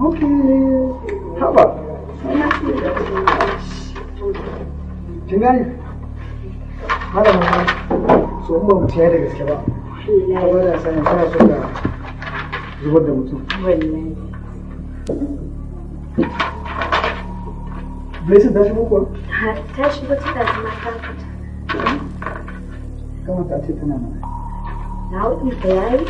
Okay, how about? Kin gane? so in ba da gaske ba. ba da so ka zubar da mutum. Wallahi. Blessing ta shigo kuwa? Ta shigo ta da zama ta fita. Kamata a ce tana mana. Na yayi,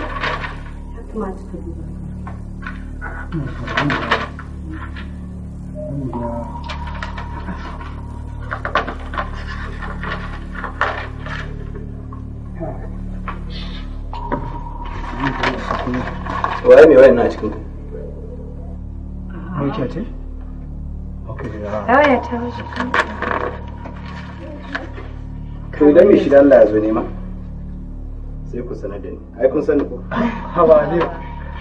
waye mai wayan na a cikin ku ce? Ok, ta kan. idan mai ya zo nema sai ku sanar da ni. Hawa ne.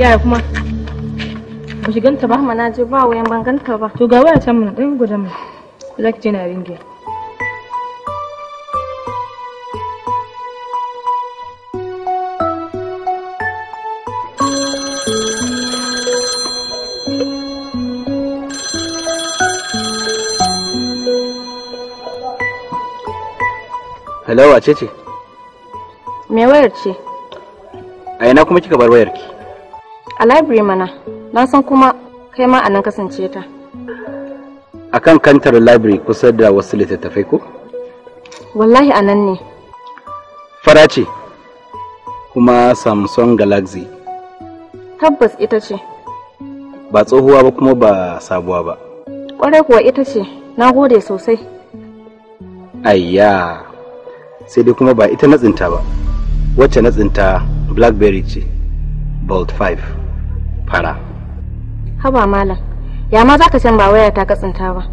yaya kuma ba shi ganta ba ma na je ba wayan ban ganta ba to ga waya can mun dan guda mu kula ki je na ringe Hello, wace ce? Me wayar ce? A ina kuma kika bar wayarki? A library mana, na san kuma kai ma a nan kasance ta. A kan kantar library kusa da wasu littattafai ko? Wallahi a nan ne. Fara ce, kuma Samsung Galaxy. Tabbas ita ce. Ba tsohuwa ba kuma ba sabuwa ba. Ƙwarai kuwa ita ce, na gode sosai. Ayya, sai dai kuma ba ita na tsinta ba. Wacce na tsinta Blackberry ce, Bolt 5. fara haba malam ya ma zaka can ba waya ta tsinta ba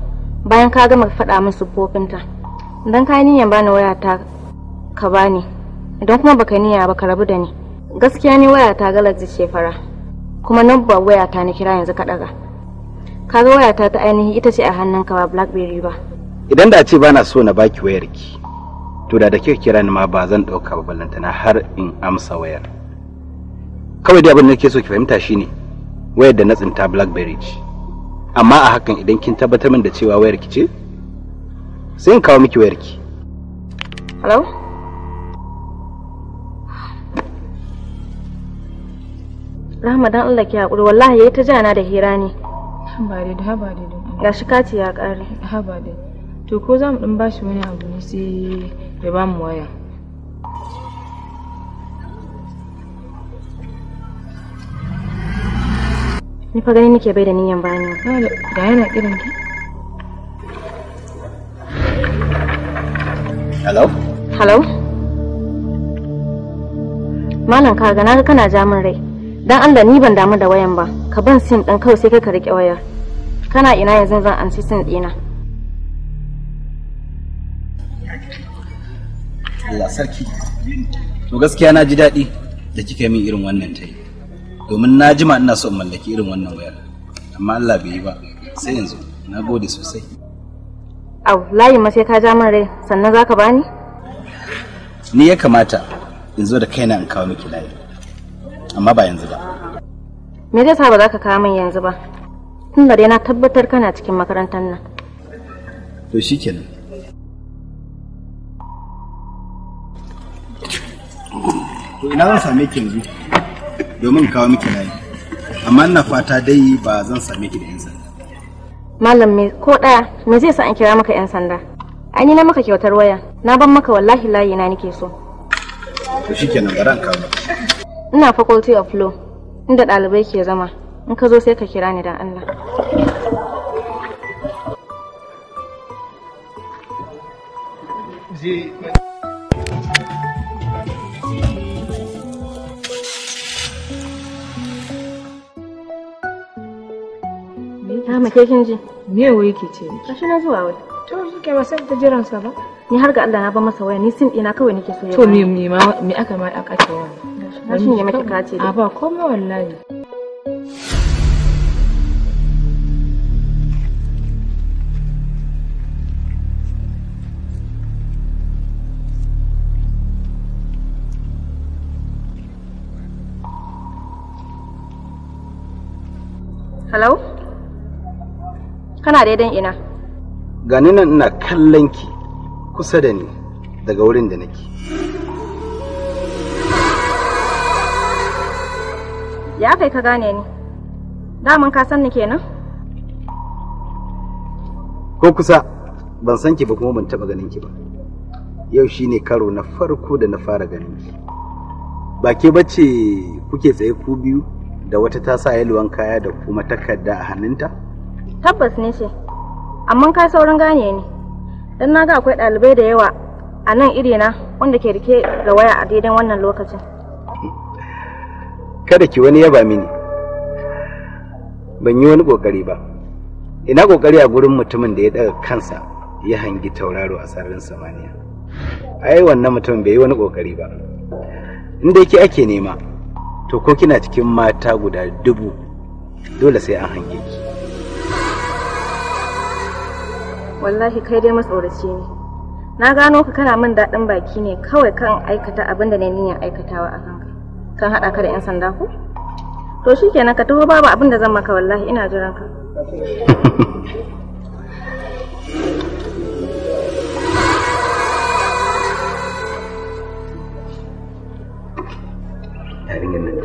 bayan ka gama faɗa min siffofinta idan ka ba bani waya ta ka bani idan kuma baka niyya ba ka rabu da ni gaskiya ne waya ta galaji ce fara kuma nan waya ta na kira yanzu ka daga kaga waya ta ta ainihi ita ce a hannunka ba blackberry ba idan da ce ba na so na baki wayarki, ki to da da kika kira ni ma ba zan dauka ba ballantana har in amsa wayar kawai dai abin da nake so ki fahimta shine wayar da na tsinta blackberry ce amma a hakan idan kin tabbatar min da cewa wayar ki ce sai in kawo miki wayar ki hello ramadan Allah ki hakuri wallahi yayi ta jana da hira ne ba da haba da gashi kati ya kare haba da to ko za mu bashi wani abu ne sai ya ba mu waya Ni fa gani nake bai da niyan bani. Da yana irin ki. Hello? Hello? Malam ka ga naga kana ja min rai. Dan Allah ni ban damu da wayan ba. Ka ban sim dan kawai sai kai ka rike wayar. Kana ina yanzu zan ansi sim dina. Allah sarki. To gaskiya na ji daɗi da kika yi min irin wannan ta yi. domin na jima ina so mallaki irin wannan wayar amma Allah bai yi ba sai yanzu na gode sosai au layi ma sai ka ja min rai sannan zaka bani ni ya kamata in zo da kaina in kawo miki layi amma ba yanzu ba me zai sa ba za ka kawo min yanzu ba tun da dai na tabbatar kana cikin makarantar nan to shikenan ina zan same ki yanzu domin kawo miki layi amma ina fata dai ba zan same ki da yan sanda malam me ko daya me zai sa an kira maka yan sanda an yi na maka kyautar waya na ban maka wallahi layi na nake so to shikenan bara in kawo ina faculty of law inda ɗalibai ke zama in ka zo sai ka kira ni dan Allah Ya mace kin ji? Me wai yake ce ni? Kashi na zuwa wai. To shi ke ba ta jiran sa ba. Ni har ga Allah na ba masa waya ni sin ina kawai nake so ya. To me me ma me aka ma aka ce wa? Na shi mace maka kace. A ba komai wallahi. Hello? kana daidan ina gani nan ina kallon ki kusa da ni daga wurin da nake ya kai ka gane ni daman ka san ni kenan ko kusa ban san ki ba kuma ban taba ganin ki ba yau shine karo na farko da na fara ganin ki ba ke bace kuke tsaye ku biyu da wata ta sa yaluwan kaya da kuma takarda a hannunta? tabbas ne ce amma ka saurin gane ni dan na ga akwai ɗalibai da yawa a nan iri na wanda ke rike da waya a daidai wannan lokacin kada ki wani yaba mini ban yi wani ƙoƙari ba ina kokari a gurin mutumin da ya daga kansa ya hangi tauraro a sararin samaniya ai wannan mutum bai yi wani kokari ba inda yake ake nema to ko kina cikin mata guda dubu dole sai an hange ki wallahi kai dai matsoraci ne na gano ka kana min daɗin baki ne kawai kan aikata abin da na niyan aikatawa a kanka kan haɗa ka da 'yan sanda ko to shi kenan ka taho babu abin da zan maka wallahi ina jiran ka yarinyar nan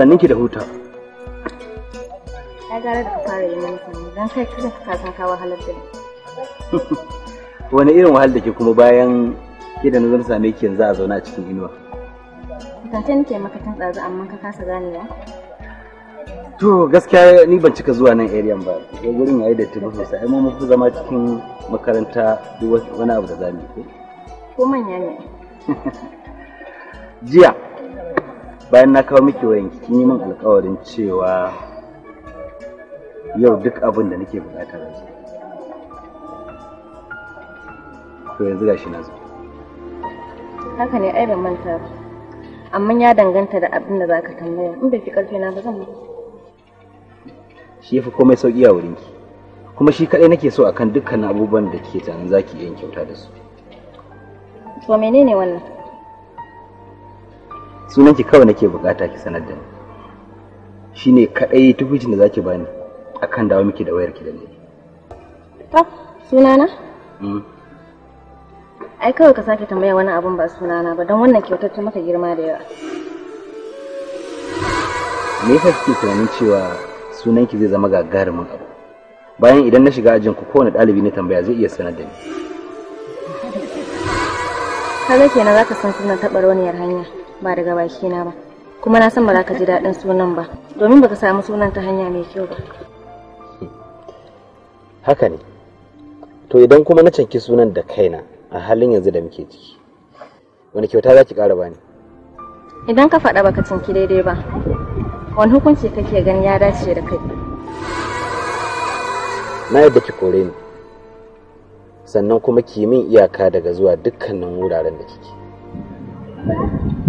sannin ki da huta ya gara da fara yi mini sanni don kai kada ka san ka wahalar da ni wani irin wahal da ke kuma bayan ke da nazar same ki yanzu a zauna a cikin inuwa tantance nake maka tun tsazu amma ka kasa ya. to gaskiya ni ban cika zuwa nan area ba ya gurin yayi da tuba sosai amma mun fi zama cikin makaranta duk wani abu da zamu yi ko manya ne jiya bayan na kawo miki wayan kin yi min alkawarin cewa yau duk abin da nake bukata da su to yanzu gashi na zo haka ne ai ban manta amma ya danganta da abin da zaka tambaya in bai fi karfi na ba zan mu shi yafi komai sauki a wurinki kuma shi kadai nake so akan dukkan abubuwan da ke tunanin zaki yin kyauta da su to menene wannan sunanki kawai nake bukata ki sanar da ni shine kadai tukucin da zaki bani akan dawo miki da wayarki da ni to sunana mm. ai kawai ka sake tambaya wani abun ba sunana ba don wannan kyautar ta maka girma da yawa me yasa kike tunanin cewa sunanki zai zama gagarumin abu bayan idan na shiga ajin ku kowane ɗalibi na tambaya zai iya sanar da ni kaga kenan zaka san sunan taɓarwaniyar hanya ba daga baki na ba kuma na san ba za ka ji daɗin sunan ba domin baka samu sunan ta hanya mai kyau ba haka ne to idan kuma na canki sunan da kaina a halin yanzu da muke ciki wani kyauta za ki ƙara bani idan ka faɗa baka canki daidai ba wani hukunci kake gani ya dace da kai na yadda ki kore ni sannan kuma ki min iyaka daga zuwa dukkanin wuraren da kike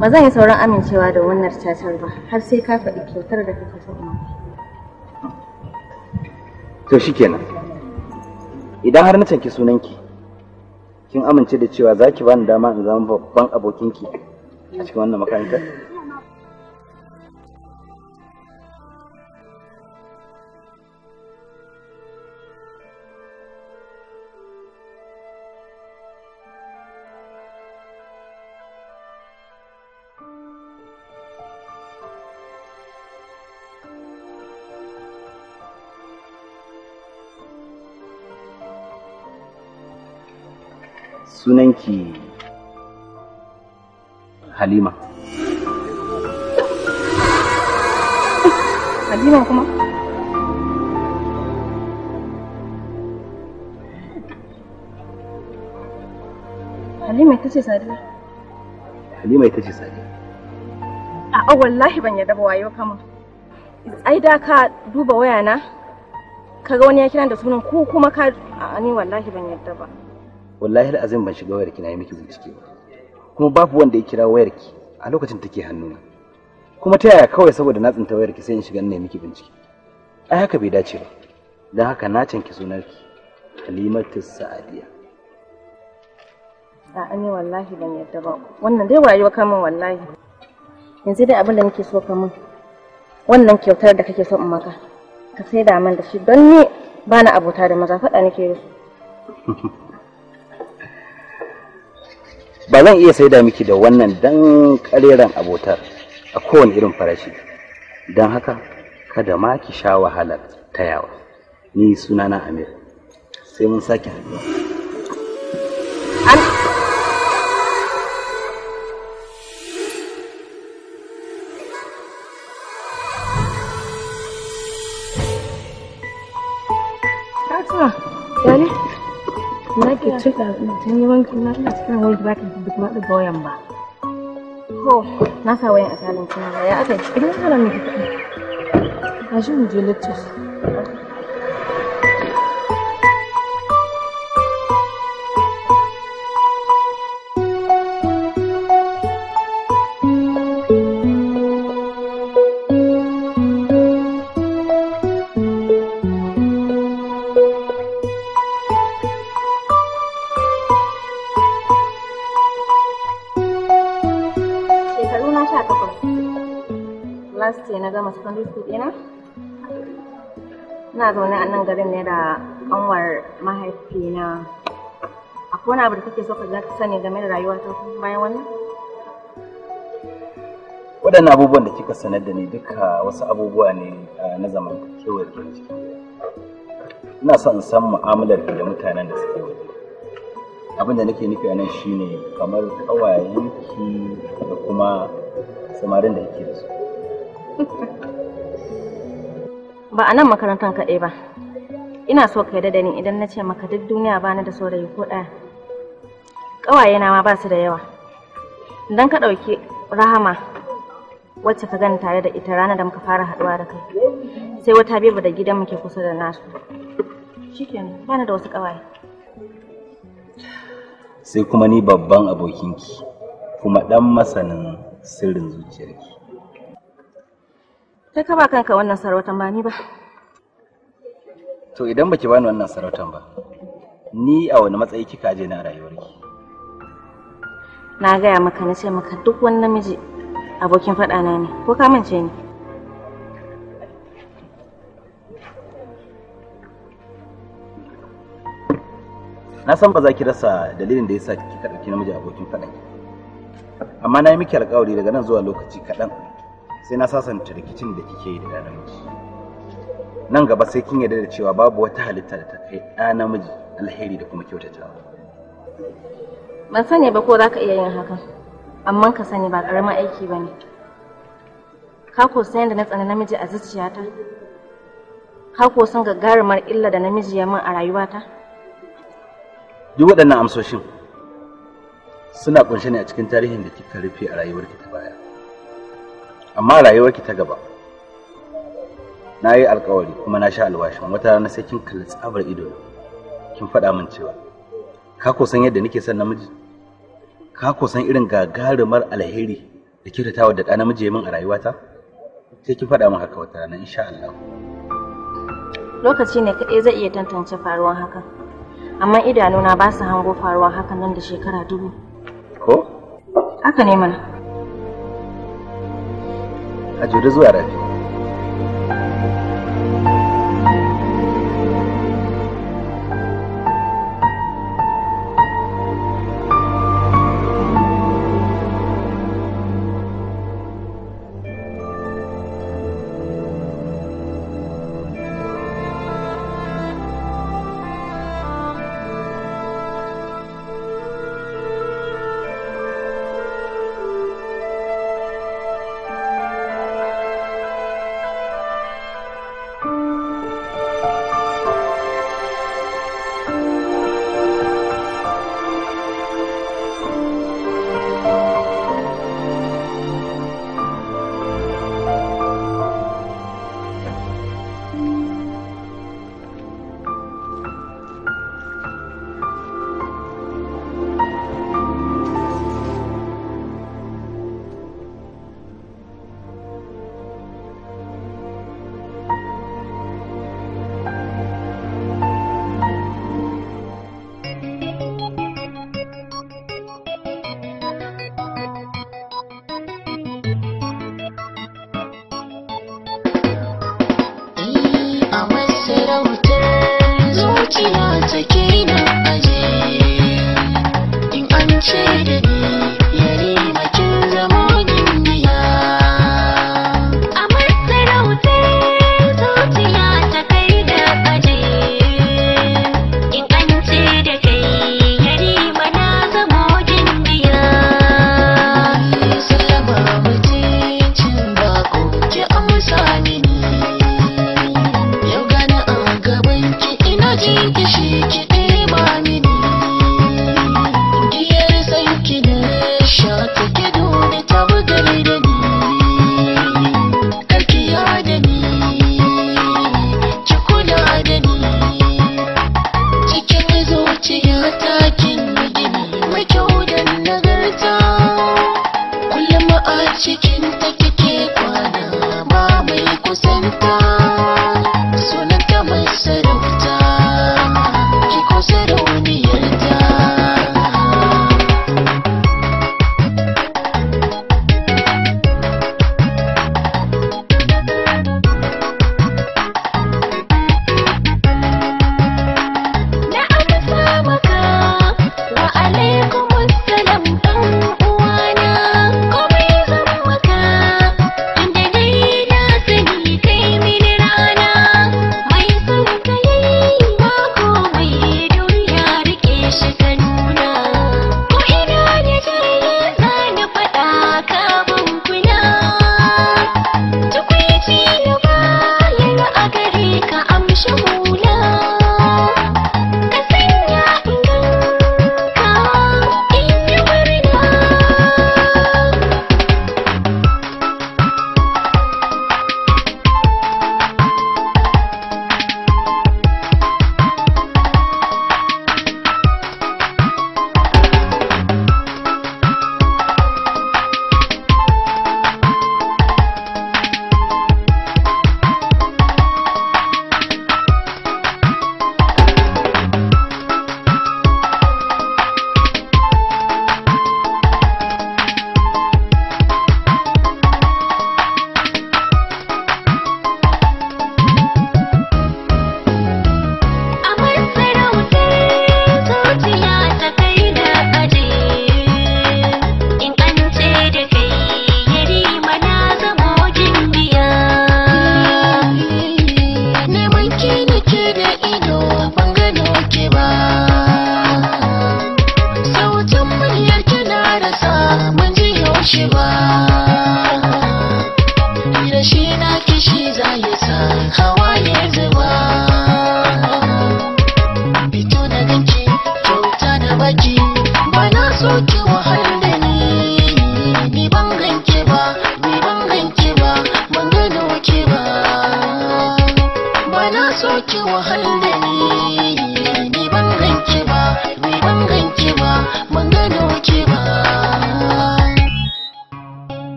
Ba zan yi sauran amincewa da wannan cacar ba, har sai ka faɗi kyautar da kake so in To shikenan. Idan har na canki sunanki, kin amince da cewa zaki bani dama in zama babban abokinki a cikin wannan makarantar? sunanki halima halima kuma halima ita ce sadiya halima ita ce sadiya a'a wallahi ban yarda ba wayo kama ai da ka duba wayana kaga wani ya kira da sunan ko kuma ka ni wallahi ban yarda ba wallahi azim ban shiga wayarki na yi miki bincike ba kuma babu wanda ya kira wayarki a lokacin take hannuna kuma ta yaya kawai saboda na tsinta wayarki sai in shiga na yi miki bincike ai haka bai dace ba don haka na canki sunarki halimatu sa'adiya a an yi wallahi ban yadda ba wannan dai wayo ka min wallahi yanzu dai abin da nake so ka min wannan kyautar da kake so in maka ka sai da man da shi don ni bana abota da maza faɗa nake da su ba zan iya saida miki da wannan dan kareren abotar a kowane irin farashi don haka kada ma ki sha wahalar tayawa ni sunana amir sai mun sake haɗuwa cika tun yi wankin na ina cikin wanki ba ta duk na ɗaga wayan ba. Ko na sa wayan a salon kuma i aka yi cikin hana miki kuɗi. Ka shi mu je lectures. wani abu da kake so ka za ka sani game da rayuwa ta bayan wannan waɗannan abubuwan da kika sanar da ni duka wasu abubuwa ne na zamantakewar ke da ina son san mu'amalar da mutanen da suke waje abin da nake nufi a nan shine kamar ƙawayenki da kuma samarin da kike da su ba a nan makarantar kaɗai ba ina so ka yarda da ni idan na ce maka duk duniya bani da saurayi ko ɗaya ƙawaye na ma ba su da yawa idan ka ɗauki rahama wacce ka gani tare da ita ranar da muka fara haɗuwa da kai sai wata biyu da gidan muke kusa da nasu shikenan bana da wasu ƙawaye sai kuma ni babban abokinki kuma ɗan masanin sirrin zuciyarki kai ka ba kanka wannan sarautan ba ni ba to idan baki bani wannan sarautan ba ni a wani matsayi kika je na rayuwarki na gaya maka na ce maka duk wani namiji abokin faɗana ne ko ka mance ni na san ba za ki rasa dalilin da yasa kika ɗauki namiji abokin faɗan amma na yi miki alƙawari daga nan zuwa lokaci kaɗan sai na sasanta rikicin da kike yi da namiji nan gaba sai kin yarda da cewa babu wata halitta da ta kai ɗa namiji alheri da kuma kyautatawa ban sani ba ko za ka iya yin hakan amma ka sani ba ƙaramin aiki ba ne ka ko san da na tsana namiji a zuciyata ka ko san gagarumar illa da namiji ya min a rayuwata duk waɗannan amsoshin suna kunshe ne a cikin tarihin da kika rufe a rayuwarki ta baya amma rayuwarki ta gaba na yi alkawari kuma na sha alwashin wata rana sai kin kalli tsabar ido kin faɗa min cewa ka ko san yadda nake son namiji ka kusan irin gagarumar alheri da kyautatawa da ɗa namiji ya min a rayuwata sai ki faɗa min haka wata rana insha Allah lokaci ne kaɗai zai iya tantance faruwar hakan amma idanuna ba su hango faruwar hakan nan da shekara dubu ko haka ne mana a jure zuwa rafi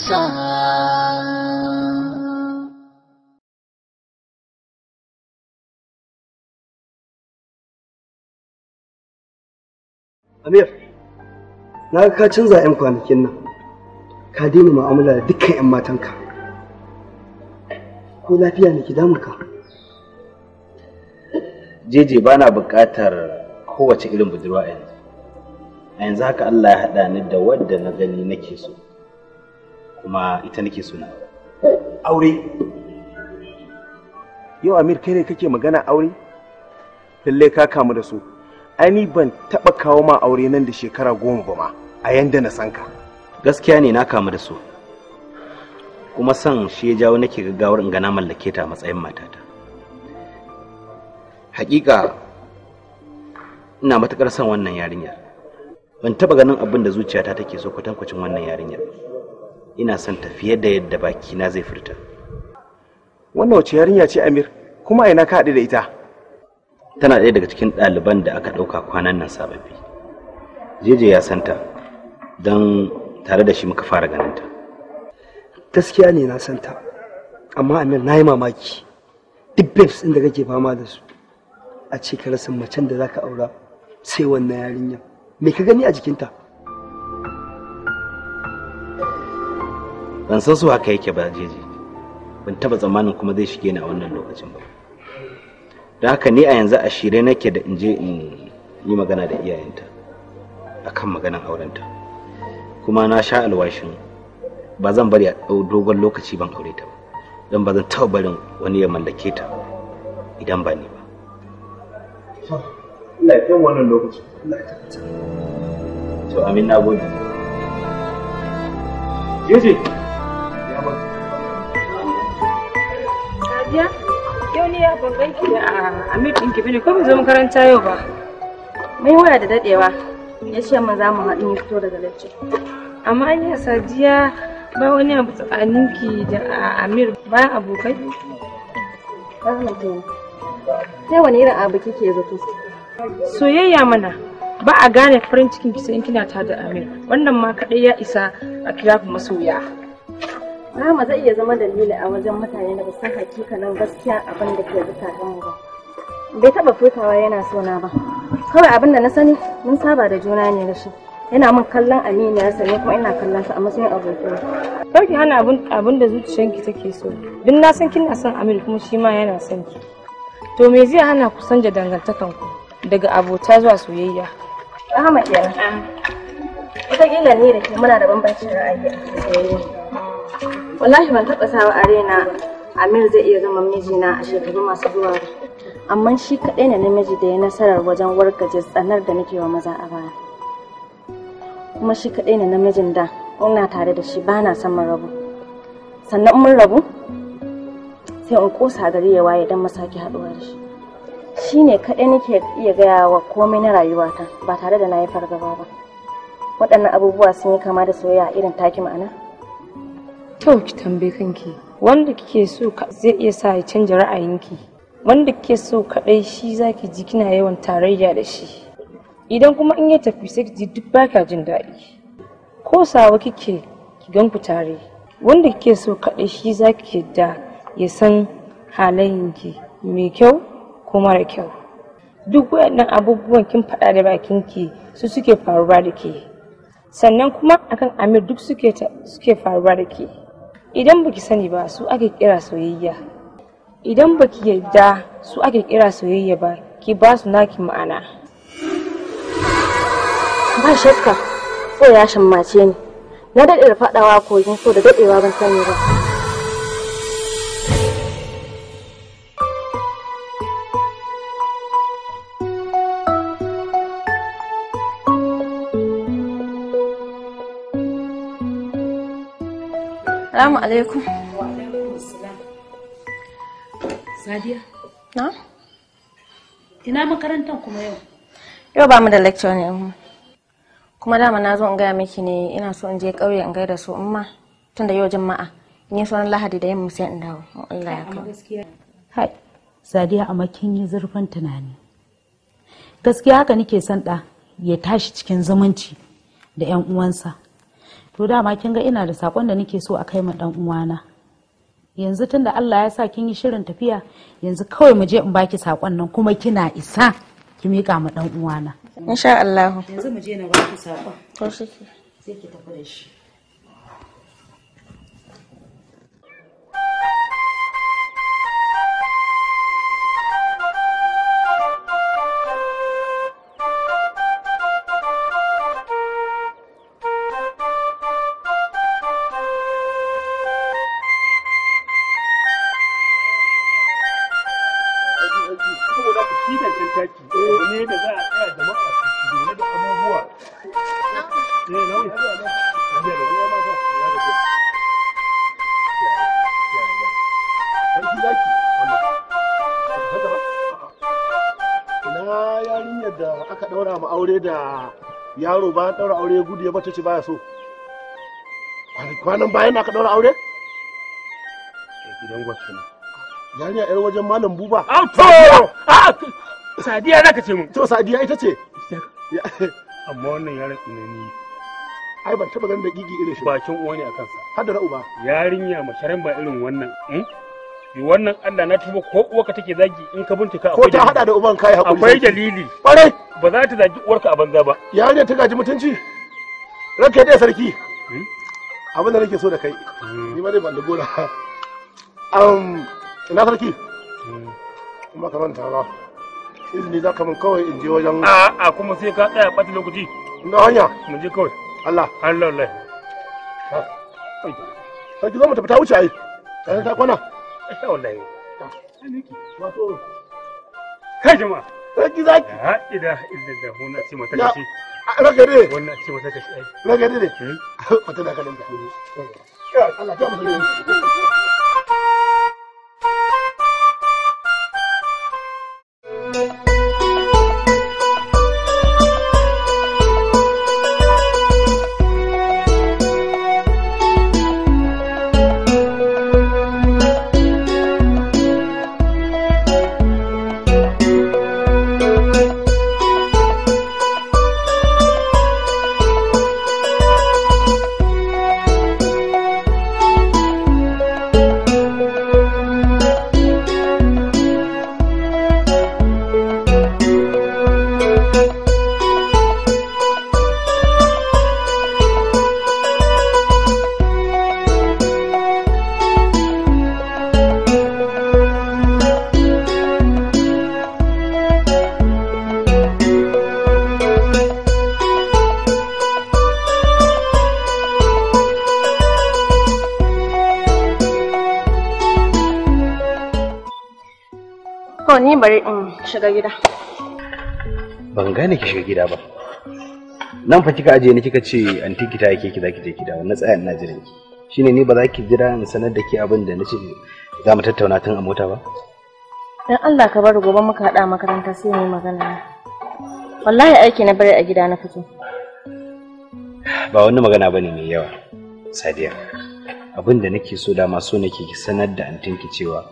sa na ga ka canza 'yan kwanakin nan, ka daina ma'amala da dukkan 'yan matanka. Ko lafiya ne ki damuka? Jeje ba na buƙatar kowace irin budurwa yanzu. A yanzu haka Allah ya haɗa ni da wadda na gani nake so. kuma ita nake so aure yau amir kai ne kake magana aure lalle ka kamu da su ani ban taba kawo ma aure nan da shekara goma ba ma a yanda na san ka gaskiya ne na kamu da su kuma san shi ya jawo nake gaggawar in ga na mallake ta matsayin matata hakika ina matukar son wannan yarinyar ban taba ganin abin da zuciyata take so kwatankwacin wannan yarinyar ina son tafiye fiye da yadda baki na zai furta wannan wace yarinya ce amir kuma ina ka haɗu da ita tana ɗaya daga cikin ɗaliban da aka ɗauka kwanan nan sababbi jeje ya santa don tare da shi muka fara ganin ta. gaskiya ne na santa amma amir na yi mamaki duk babes ɗin da kake fama da su a ce ka rasa macen da zaka aura sai wannan yarinya me ka gani a jikinta ban san su haka yake ba jeji ban taba tsammanin kuma zai shige ni a wannan lokacin ba don haka ni a yanzu a shirye nake da in je in yi magana da iyayenta akan maganar aurenta kuma na sha alwashin ba zan bari a dogon lokaci ban aure ta ba don ba zan taɓa barin wani ya mallake ta idan ba ni ba. wannan To amin na gode. Jeje. abin Sadiya yau ne ya ban ganki da a Amir din ki bane ko mu zo makaranta yau ba Mai waya da dadewa ya ce mun za mu haɗu fito daga lecture amma an yi Sadiya ba wani abu tsakaninki da Amir ba abokai Sai wani irin abu kike zato? Soyayya mana ba a gane farin cikin ki sai kina ta da Amir. Wannan ma kaɗai ya isa a kira ku masoya. Rama zai iya zama dalili a wajen mutane da san nan gaskiya abin da ke zukatanmu ba. Bai taɓa furtawa yana sona ba. Kawai abin da na sani mun saba da juna ne da shi. Yana min kallon aminiyarsa ne kuma ina kallon sa a matsayin abokin. Sauki hana abin da zuciyarki take so. Bin na san kina son Amir kuma shi ma yana son ki. To me zai hana ku sanja ku daga abota zuwa soyayya? Ahmad yana. Wataƙila ne da ke muna da bambancin ra'ayi a soyayya. wallahi ban taɓa sawa a raina amir zai iya zama mijina a shekaru masu zuwa amma shi kaɗai ne namiji da ya nasarar wajen wargaje tsanar da nake wa maza a baya kuma shi kaɗai ne namijin da ina tare da shi ba na son mun rabu sannan mun rabu sai in kosa gari ya waye don masaki haɗuwa da shi shi ne kaɗai nake iya gaya wa komai na rayuwata ba tare da na yi fargaba ba waɗannan abubuwa sun yi kama da soyayya irin taki ma'ana kyau ki tambaye kanki wanda kike so zai iya sa ya canja ra'ayinki wanda kike so kadai shi zaki ji kina yawan tarayya da shi idan kuma in ya tafi sai ki ji duk baka jin daɗi ko sawa kike ki gan ku tare wanda kike so kadai shi zaki yadda ya san halayenki mai kyau ko mara kyau duk waɗannan abubuwan kin faɗa da bakinki su suke faruwa da ke sannan kuma akan amir duk suke faruwa da ke idan baki sani ba su ake kira soyayya idan baki yarda su ake kira soyayya ba ki ba su naki ma'ana ba shakka ko ya shammace ni na daɗe da faɗawa kogin so da daɗewa ban sani ba Assalamu alaikum. Sadiya? Na? Ina makarantar kuma yau? Yau ba mu da lecture ne mu. Kuma dama na zo in gaya miki ne ina so in je ƙauye in gaida su umma tunda yau juma'a. In yi sauran lahadi da yamma sai in dawo. Allah ya kawo. Hai. Sadiya amma kin yi zurfin tunani. Gaskiya haka nake son ɗa ya tashi cikin zumunci da 'yan uwansa. to dama kin ga ina da sakon da nake so a kai ma dan uwana yanzu tunda Allah ya sa kin yi shirin tafiya yanzu kawai mu je in baki sakon nan kuma kina isa ki miƙa ma dan uwana insha Allah yanzu mu je na baki sakon to shi sai ki tafi da shi yaro bayan ɗaura aure ya gudu ya bata ci baya so kwanan bayan aka ɗaura aure gidan gwashi ne yarinya yar wajen malam buba auto ah! sadiya za ka ce mun to sadiya ita ce amma wannan yaron tsinani ai ban taba ganin da gigi irin shi bakin uwa ne a kansa har da uba yarinya masharan ba irin wannan bi hmm? wannan Allah na tuba ko uwa ka take zagi in ka bincika akwai ko ta hada da uban kai hakuri akwai dalili kwarai ba za ta zagi uwarka a banza ba yarinya ta gaji mutunci ranka dai sarki hmm? abin da nake so da kai hmm. ni ma dai ban da gora um ina sarki hmm. kuma ka manta ba izini za ka min kawai in je wajen a a kuma sai ka tsaya ɓata lokaci ina hanya mu je kawai Allah Allah Allah sarki zo mu tafi ta wuce ai ta kwana eh, wallahi wato kai jama'a sarki zaki ha ida ida da mun ce mata kace ragare wannan ce mata kace ragare ne mata kalin da Allah ta bari in shiga gida ban gane ki shiga gida ba nan fa kika ajiye ni kika ce anti kita ta yake ki zaki je gida wannan tsayan na jira ki shine ni ba za ki jira in sanar da ke abin da nace za mu tattauna tun a mota ba dan Allah ka bar gobe muka hada makaranta sai mu magana wallahi aiki na bari a gida na fito ba wani magana bane mai yawa sadiya abin da nake so da so nake ki sanar da antinki cewa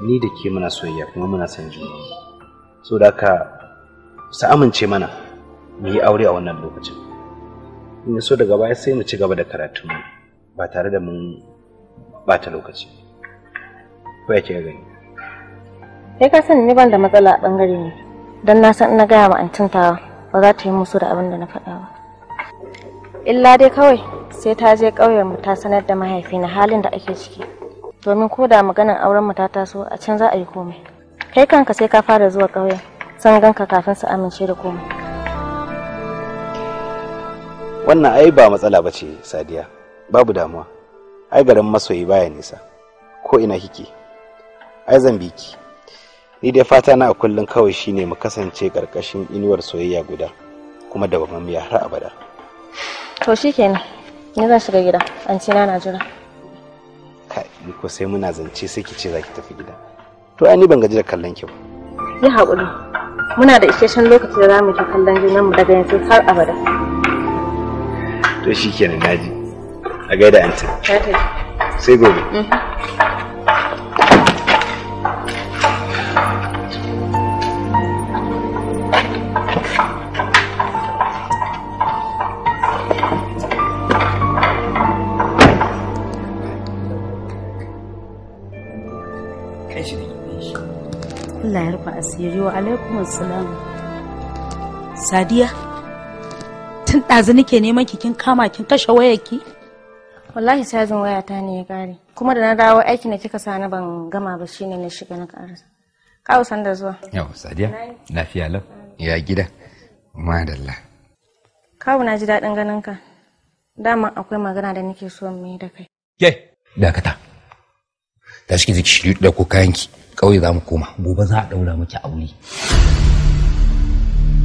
ni da ke muna soyayya kuma muna son juna so da ka sa amince mana mu yi aure a wannan lokacin in so daga baya sai mu ci gaba da karatu ba tare da mun bata lokaci ko ya ke gani sai ka sani ni ban da matsala a bangare ne don na san na gaya ma antin ba za ta yi musu da abin da na faɗa ba illa dai kawai sai ta je ƙauyen mu ta sanar da mahaifina halin da ake ciki domin ko da maganar auren mu ta taso a can za a yi komai kai kanka sai ka fara zuwa ƙauyen san ganka kafin su amince da komai wannan ai ba matsala ba ce sadiya babu damuwa ai garin masoyi baya nisa ko ina kike ai zan bi ki ni dai fata na a kullum kawai shine mu kasance karkashin inuwar soyayya guda kuma da miya har abada to shikenan ni zan shiga gida an na jira kai ko sai muna zance sai ki ce zaki tafi gida to ai ni ban gaji da kallon ki ba yi haƙuri muna da isasshen lokaci da zamu je kallon junan mu daga yanzu har abada to shikenan naji a gaida antin sai gobe mhm. Allah ya rufa asiri wa alaikum assalam sadiya tun ɗazu nake neman ki kin kama kin kashe ki wallahi waya wayata ne ya kare kuma da na dawo aiki na kika sani ban gama ba shine na shiga na karasa kawo sanda zuwa yau sadiya lafiya lau ya gida madalla kawo na ji daɗin ganin ka daman akwai magana da nake so mu yi da kai ke dakata tashi ki ziki shiri kayan kayanki kawai za mu koma gobe za a ɗaura miki aure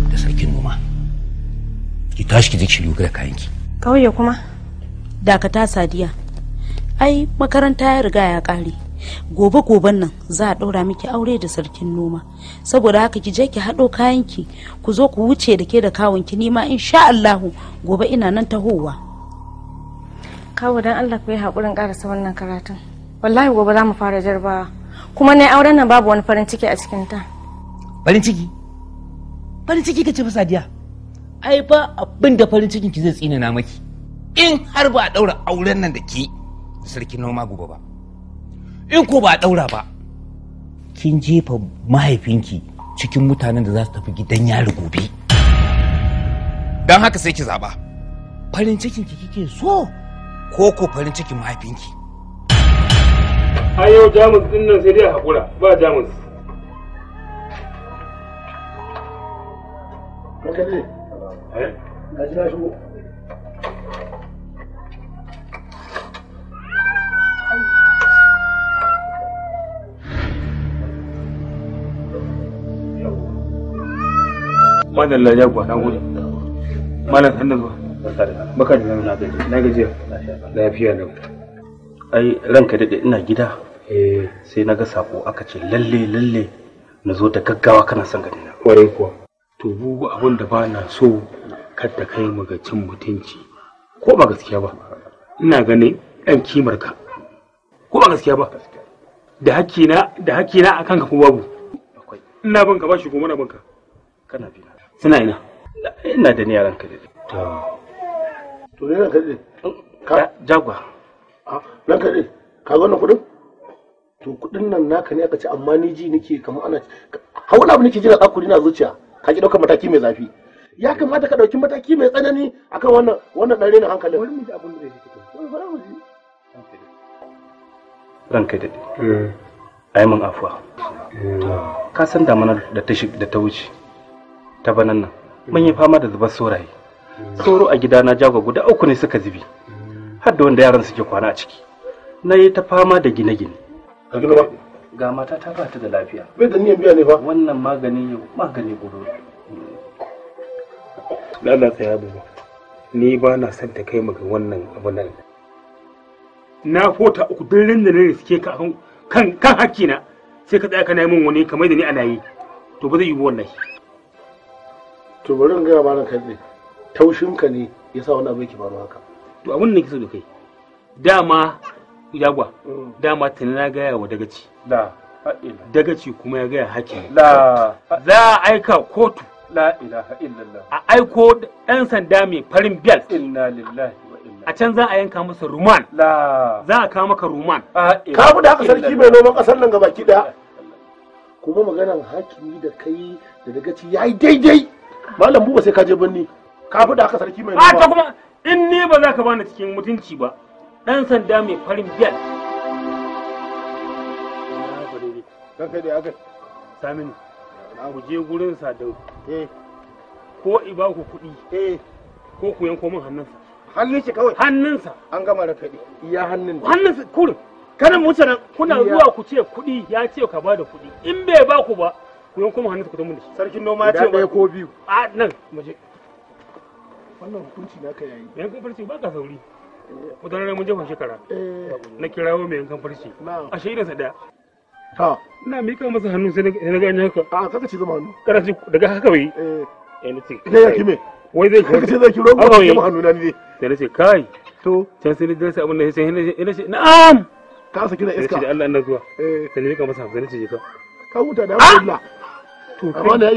da sarkin noma ki tashi ki ziki shiri da kayanki ƙauye kuma dakata sadiya ai makaranta ya riga ya ƙare gobe goben nan za a ɗaura miki aure da sarkin noma saboda haka ki je ki haɗo kayanki ku zo ku wuce da ke da kawunki nima insha Allah gobe ina nan tahowa kawo don Allah ku yi haƙurin ƙarasa wannan karatun wallahi gobe za mu fara jarbawa kuma na auren nan babu wani farin ciki a cikin ta farin ciki farin ciki kace fa sadiya ai ba abin da farin cikin ki zai tsina na maki in har ba a daura auren nan da ke sarkin noma gobe ba in ko ba a daura ba kin jefa mahaifinki cikin mutanen da za su tafi gidan yari gobe don haka sai ki zaba farin cikin ki kike so ko ko farin cikin mahaifinki har yau jamus din nan sai dai a ba jamus Madan la jagwa na gode. Malam sanda zuwa. Baka da na gaji. Na gajiya. Lafiya lau. ai ranka daɗe ina gida eh. sai na ga sako aka ce lalle lalle na zo da gaggawa kana son gani na kwarai kuwa to bu abin da ba na so kar ta kai mu ga cin mutunci ko ba gaskiya ba ina ganin ɗan kimar ka ko ba gaskiya ba da hakina da hakina akan ka ko babu ina banka ba shi kuma na banka kana bi suna ina ina da ni yaran ka daɗe to to ne ranka daɗe jagwa Ah, na kaɗai ka ga wannan kuɗin to kuɗin nan naka ne aka ce amma ni ji nake kamar ana haula abu nake jira tsakuri na zuciya ka ki ɗaukar mataki mai zafi ya kamata ka ɗauki mataki mai tsanani akan wannan wannan ɗan na hankalin wani mu ji abin da zai ranka daɗe eh. ai mun afuwa eh. ka san damanar da ta da ta wuce ta banan nan mun yi eh. fama da zubar saurayi Sauro a gida na jagwa guda uku ne suka zubi har da wanda yaran suke kwana a ciki na yi ta fama da gine-gine ga mata ta ba ta da lafiya bai da niyan biya ne ba wannan magani yau magani gobe da Allah tsaya buba ni ba na son ta kai maka wannan abu nan na fota uku duk da na suke ka kan kan hakkina sai ka tsaya kana min wani kamar da ni ana yi to ba zai yi wannan to bari in ga ba na kai taushinka ne yasa wannan abin ke faruwa haka to abin da kisa so da kai dama yagwa mm. dama tana na gaya wa dagaci la dagaci kuma ya gaya hakimi la za a aika kotu la ilaha illallah a aiko ɗan sanda mai farin biyar inna lillahi a can za a yanka masa ruman za a kawo maka ruman ka fi da haka sarki mai noman ƙasar nan gaba ki ɗaya kuma maganan hakimi da kai da dagaci ya yi daidai malam ba sai ka je birni ka fi da haka sarki mai noma in ne ba za ka bani cikin mutunci ba ɗan sanda mai farin biyar kanka da aka samin ku je gurin sadau eh. ko i ba ku kuɗi eh. ko ku yanko min hannunsa hannun shi kawai hannunsa an gama da kaɗi iya hannun Hannun sa kurin kana wuce nan kuna zuwa ku ce kuɗi ya ce ka ba da kuɗi in bai ba ku ba ku yanko min hannunsa ku tambaye. sarkin noma ya ce ba ko biyu a nan mu je wannan hukunci yayi farce ba ka sauri eh. wata rana mun jefa shekara eh. na kirawo farce a daya ha ina mika masa hannu sai na haka a kaka ci hannu ci daga haka bai eh, eh ne ya kime wai zai zai hannu na ne sai ce kai to can sai abin da sai ce na'am ka saki na iska Allah zuwa sai mika masa hannu sai ce ka ka huta da Allah ah! to amma ne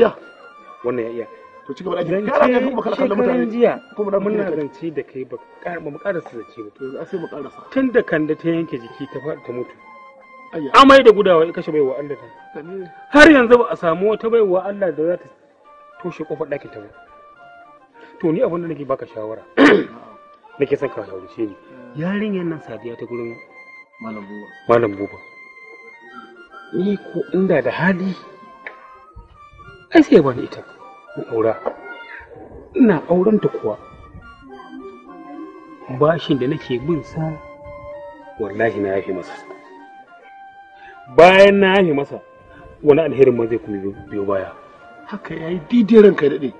wannan ya iya to ci gaba da aiki kana ne kuma kana kallon mutane jiya kuma muna zance da kai ba ba mu karasa zance ba to sai mu karasa tun da kanda ta yanke jiki ta faɗi ta mutu amai da gudawa ya kashe baiwa Allah ta har yanzu ba a samu wata baiwa Allah da za ta toshe kofar ɗakin ta ba to ni abin da nake baka shawara nake son ka shi ne. Eh. yarinyar nan sadiya ta gurin malam buba malam buba ni ko inda da hali ai sai ba ita na aura ina auren ta kuwa bashin da nake bin sa wallahi na yafe masa bayan na yafe masa wani alherin ma zai kuma biyo baya haka yayi daidai ranka daɗe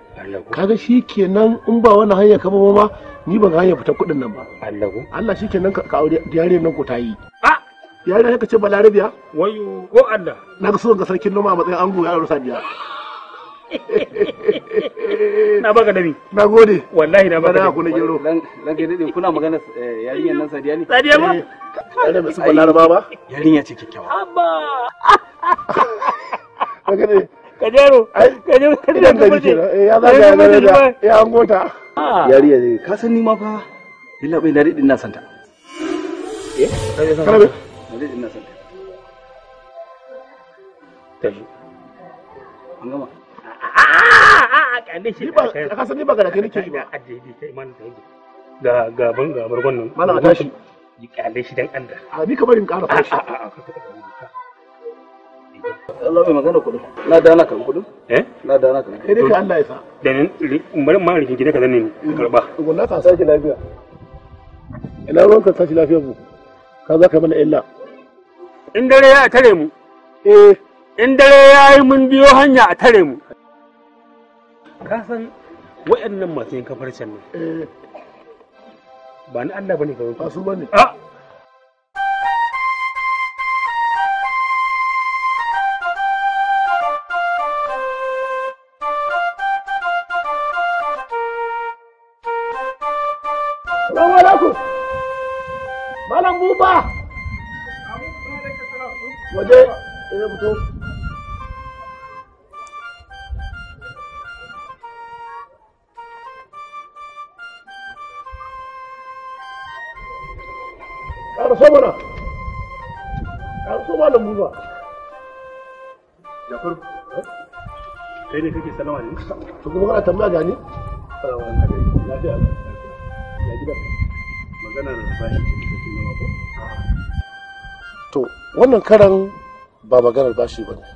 kaga shi kenan in ba wani hanya ka ba ma ni ban hanya fita kuɗin nan ba Allah shi kenan ka aure yare nan ko ta yi a yare ka ce balarabiya wayo ko Allah na ga son ga sarkin noma a matsayin ango ya aure sabiya na baka dami na gode wallahi na baka dami gero lan kai dade kuna magana eh, yarinyar nan sadiya ne sadiya ba sadiya eh, ba su ba laraba ba yarinya ce kikkiawa abba kaga ne kajero kajero idan da kike eh, ya za Ya gane da ya angota ah. yarinya ne ka san ni ma fa illa bai dade din na santa eh kana ba dade din na santa an gama ni ba ka ni ba yi ba ajebi da ga gaban gabar wannan mana tashi yi kyale shi dan a bi Allah bai magana kudu na dana kan kudu eh na dana kan kai dai Allah ya sa da ni bari ma rikin gidanka ne karba wallahi ka eh, sashi lafiya ina ruwan ka sashi lafiya ka za ka mana illa in dare ya tare mu eh in dare ya yi mun biyo hanya a tare mu ka san waɗannan masu yin kafarcen nan eh. ba ni Allah bane ka zo ba su bane a ah! to kuma kana wannan karan ba maganar bashi ba ne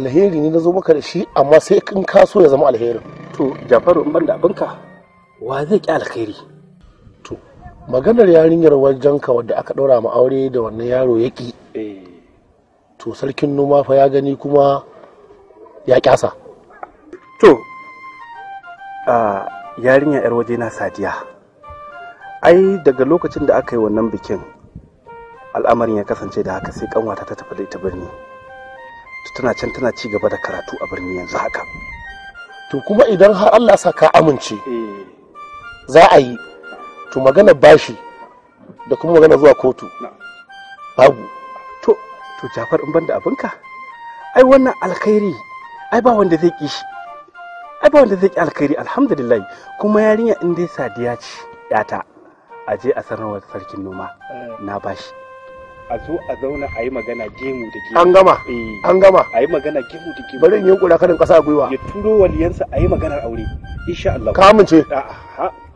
alheri ne na zo maka da shi amma sai in kaso ya zama alherin to jafaru in banda abinka wa zai ki alkhairi to maganar yarinyar wajenka wadda aka ɗora ma aure da wannan yaro ya ki eh. to sarkin noma fa ya gani kuma ya kyasa to a yarinya yar waje na sadiya ai daga lokacin da aka yi wannan bikin al'amarin ya kasance da haka sai kanwata ta tafi da ita birni tana can tana ci gaba da karatu a birni yanzu haka to kuma idan har Allah sa ka amince eh. za a yi to magana bashi da kuma magana zuwa kotu babu to to jafar in banda abinka ai wannan alkhairi ai ba wanda zai kishi abin wanda zai ki alkhairi alhamdulillah kuma yarinya in dai sadiya ce yata a je a sanarwar sarkin noma eh. na bashi a zo a zauna a yi magana gemu da gemu an gama eh. an gama a yi magana gemu da gemu bari in yi kura kanin kasa gwiwa ya turo waliyansa a yi maganar aure insha Allah ka ce a'a